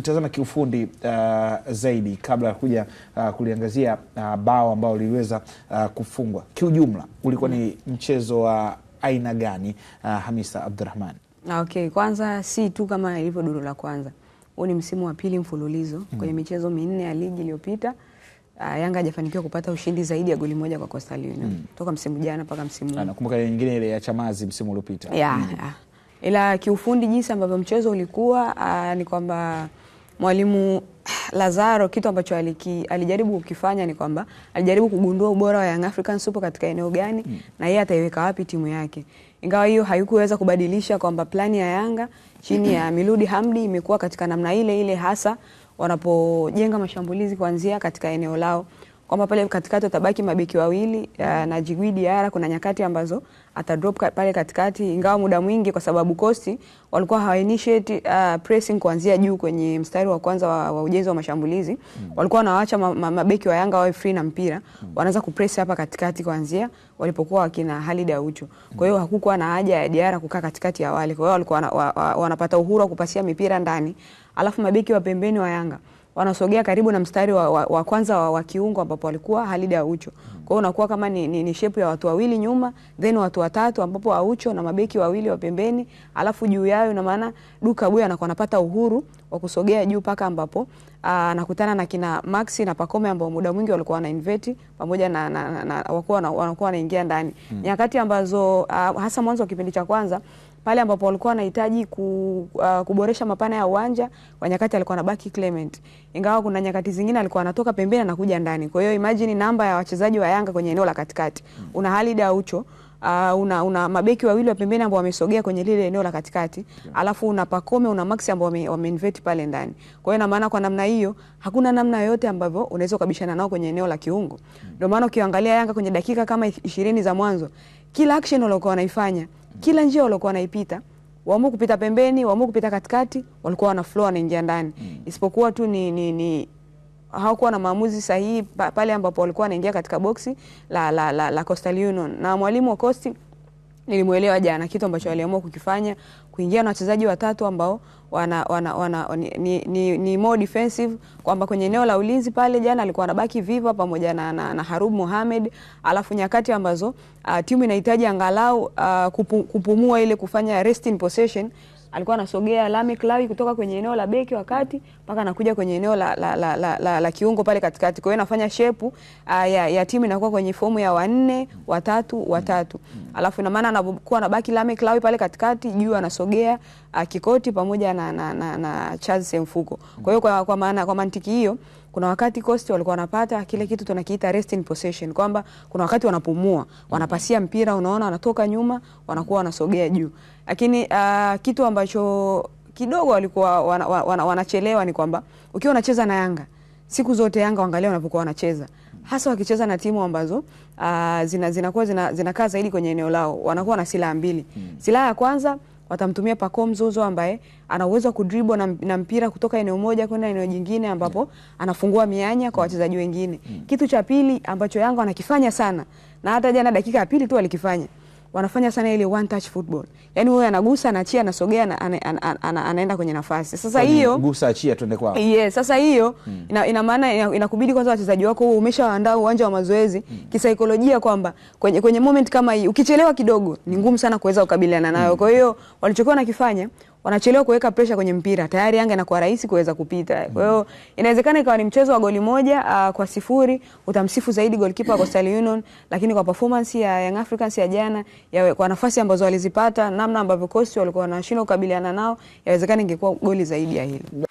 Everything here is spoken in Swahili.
tutazame kiufundi uh, zaidi kabla ya kuja uh, kuliangazia uh, bao ambao liliweza uh, kufungwa. Kiujumla ulikuwa ni mchezo wa uh, aina gani uh, Hamisa Abdurahman? Okay, kwanza si tu kama ilivyo duru la kwanza, huu ni msimu wa pili mfululizo mm. kwenye michezo minne ya ligi iliyopita Uh, Yanga hajafanikiwa kupata ushindi zaidi ya goli moja kwa Coastal Union mm. toka msimu jana mpaka msimu huu. Ah, nakumbuka nyingine ile ya Chamazi msimu uliopita. Yeah, mm. Ila kiufundi jinsi ambavyo mchezo ulikuwa uh, ni kwamba Mwalimu Lazaro kitu ambacho aliki, alijaribu kukifanya ni kwamba alijaribu kugundua ubora wa Young Africans upo katika eneo gani mm. na yeye ataiweka wapi timu yake. Ingawa hiyo haikuweza kubadilisha kwamba plani ya Yanga chini ya hmm. Miludi Hamdi imekuwa katika namna ile ile hasa wanapojenga mashambulizi kuanzia katika eneo lao kwamba pale katikati watabaki mabeki wawili uh, na Jigwidi Diarra. Kuna nyakati ambazo atadrop pale katikati, ingawa muda mwingi, kwa sababu Coast walikuwa hawainitiate uh, pressing kuanzia juu kwenye mstari wa kwanza wa, wa ujenzi wa mashambulizi mm. walikuwa wanawaacha ma, ma, wa Yanga wawe free na mpira mm. wanaanza kupress hapa katikati kuanzia walipokuwa wakina Halid Aucho. Kwa hiyo hmm. hakukuwa na haja ya Diara kukaa katikati ya wale, kwa hiyo walikuwa wanapata wa, wa, wa, wa uhuru wa kupasia mipira ndani, alafu mabeki wa pembeni wa Yanga mm wanasogea karibu na mstari wa, wa, wa kwanza wa, wa kiungo ambapo walikuwa Halida Aucho. Hmm. Kwa hiyo unakuwa kama ni, ni, ni shepu ya watu wawili nyuma then watu watatu ambapo Aucho na mabeki wawili wa pembeni alafu juu yao na maana Duka Buya anakuwa anapata uhuru wa kusogea juu paka ambapo ah, anakutana na kina Maxi na Pacome ambao muda mwingi walikuwa wana invert pamoja na, na, na, na wanakuwa wanaingia ndani. Mm. Nyakati ambazo aa, ah, hasa mwanzo wa kipindi cha kwanza pale ambapo walikuwa wanahitaji ku, uh, kuboresha mapana ya uwanja kwa nyakati alikuwa anabaki Clement, ingawa kuna nyakati zingine alikuwa anatoka pembeni anakuja ndani. Kwa hiyo imagine namba ya wachezaji wa Yanga kwenye eneo la katikati, una Halid Aucho uh, una, una mabeki wawili wa pembeni ambao wamesogea kwenye lile eneo la katikati yeah. Alafu una Pacome una Maxi ambao wame, pale ndani. Kwa hiyo na maana kwa namna hiyo hakuna namna yoyote ambavyo unaweza ukabishana nao kwenye eneo la kiungo. Mm. Ndio maana ukiangalia Yanga kwenye dakika kama 20 za mwanzo kila action waliokuwa wanaifanya, mm. kila njia waliokuwa wanaipita waamua kupita pembeni, waamua kupita katikati, walikuwa wana flow wanaingia ndani, mm. isipokuwa tu ni, ni, ni hawakuwa na maamuzi sahihi pale ambapo walikuwa wanaingia katika boksi la, la, la, la Coastal Union na mwalimu wa Coast nilimwelewa jana, kitu ambacho waliamua kukifanya kuingia na wachezaji watatu ambao wana, wana, wana, ni, ni, ni, ni more defensive kwamba kwenye eneo la ulinzi pale jana alikuwa anabaki Viva pamoja na, na, na Harub Mohamed, alafu nyakati ambazo uh, timu inahitaji angalau uh, kupu, kupumua ile kufanya rest in possession alikuwa anasogea lame Lawi kutoka kwenye eneo la beki wakati mpaka anakuja kwenye eneo la, la, la, la, la, la kiungo pale katikati. Kwa hiyo anafanya shepu ah, ya, ya timu inakuwa kwenye fomu ya wanne watatu watatu, alafu ina maana anakuwa anabaki Lameck Lawi pale katikati juu anasogea ah, Kikoti pamoja na, na, na, na Charles Mfuko. Kwa hiyo kwa, kwa, maana, kwa mantiki hiyo kuna wakati Coast walikuwa wanapata kile kitu tunakiita rest in possession, kwamba kuna wakati wanapumua, wanapasia mpira, unaona wanatoka nyuma, wanakuwa wanasogea juu, lakini uh, kitu ambacho kidogo walikuwa wanachelewa wana, wana, ni kwamba ukiwa unacheza na Yanga siku zote Yanga wangalia wanapokuwa wanacheza hasa wakicheza na timu ambazo uh, zinakuwa zina zinakaa zina zaidi kwenye eneo lao, wanakuwa na silaha mbili. Hmm. Silaha ya kwanza watamtumia pako Zozo ambaye ana uwezo wa kudribble na, na mpira kutoka eneo moja kwenda eneo jingine ambapo yeah. anafungua mianya kwa wachezaji wengine mm. Kitu cha pili ambacho Yanga anakifanya sana na hata jana dakika ya pili tu alikifanya wanafanya sana ile one touch football, yani wewe anagusa anaachia anasogea na, ana, ana, ana, anaenda kwenye nafasi. Sasa hiyo gusa achia twende kwao, yes. Sasa hiyo hmm. ina, ina maana inakubidi ina kwanza wachezaji wako wewe umeshaandaa uwanja wa mazoezi hmm. kisaikolojia kwamba kwenye, kwenye moment kama hii ukichelewa kidogo ni ngumu sana kuweza kukabiliana nayo hmm. kwa hiyo walichokuwa nakifanya wanachelewa kuweka presha kwenye mpira, tayari Yanga inakuwa rahisi kuweza kupita. Kwa hiyo inawezekana ikawa ni mchezo wa goli moja uh, kwa sifuri. Utamsifu zaidi goalkeeper wa Coastal Union, lakini kwa performance ya Young Africans ya jana, ya kwa nafasi ambazo walizipata, namna ambavyo Coastal walikuwa wanashindwa kukabiliana nao, yawezekana ingekuwa goli zaidi ya hilo.